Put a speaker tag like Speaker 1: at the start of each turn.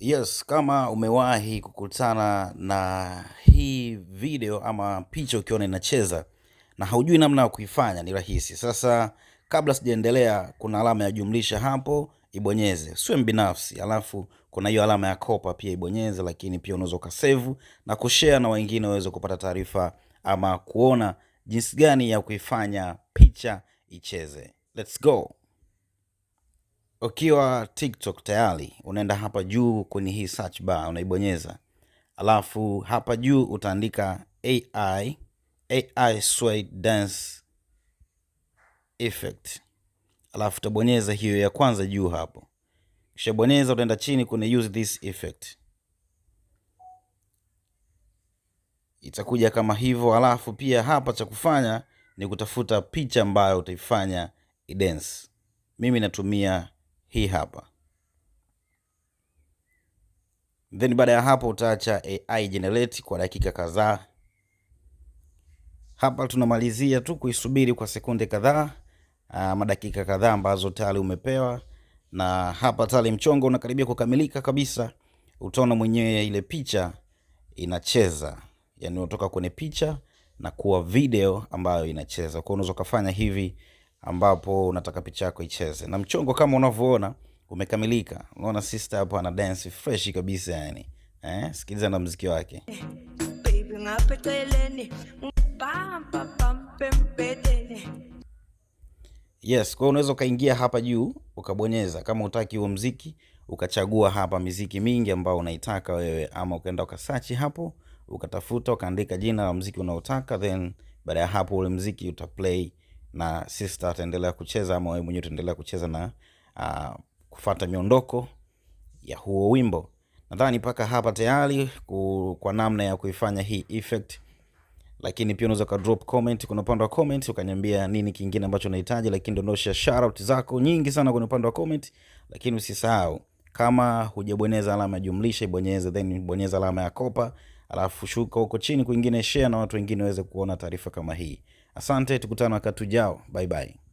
Speaker 1: Yes, kama umewahi kukutana na hii video ama picha ukiona inacheza na haujui namna ya kuifanya, ni rahisi. Sasa kabla sijaendelea, kuna alama ya jumlisha hapo, ibonyeze. sio mbinafsi, alafu kuna hiyo alama ya kopa pia ibonyeze, lakini pia unaweza ukasave na kushare na wengine waweze kupata taarifa ama kuona jinsi gani ya kuifanya picha icheze. Let's go. Ukiwa TikTok tayari unaenda hapa juu kwenye hii search bar unaibonyeza, alafu hapa juu utaandika AI, AI Sway Dance Effect, alafu utabonyeza hiyo ya kwanza juu hapo. Ukishabonyeza utaenda chini kwenye use this effect, itakuja kama hivyo. Alafu pia hapa cha kufanya ni kutafuta picha ambayo utaifanya idance. Mimi natumia hii hapa then baada ya hapo utaacha AI generate kwa dakika kadhaa. Hapa tunamalizia tu kuisubiri kwa sekunde kadhaa ah, madakika kadhaa ambazo tayari umepewa, na hapa tayari mchongo unakaribia kukamilika kabisa. Utaona mwenyewe ile picha inacheza, yani unatoka kwenye picha na kuwa video ambayo inacheza. Kwa hiyo unaweza kufanya hivi ambapo unataka picha yako icheze, na mchongo kama unavyoona umekamilika. Unaona sister hapo ana dance fresh kabisa yani. Eh, sikiliza na mziki wake yes. Kwa unaweza ukaingia hapa juu ukabonyeza, kama utaki huo mziki ukachagua hapa miziki mingi ambao unaitaka wewe, ama ukaenda ukasachi hapo ukatafuta ukaandika jina la mziki unaotaka, then baada ya hapo ule mziki utaplay na Sista ataendelea kucheza ama wewe mwenyewe utaendelea kucheza na uh, kufata miondoko ya huo wimbo. Nadhani mpaka hapa tayari kwa namna ya kuifanya hii effect, lakini pia unaweza ka drop comment kwenye upande wa comment ukaniambia nini kingine ambacho unahitaji, lakini dondosha shoutout zako nyingi sana kwenye upande wa comment, lakini usisahau kama hujabonyeza alama ya jumlisha ibonyeze, then bonyeza alama ya kopa, alafu shuka huko chini kwingine, share na watu wengine waweze kuona taarifa kama hii. Asante, tukutane wakati ujao. Bye bye.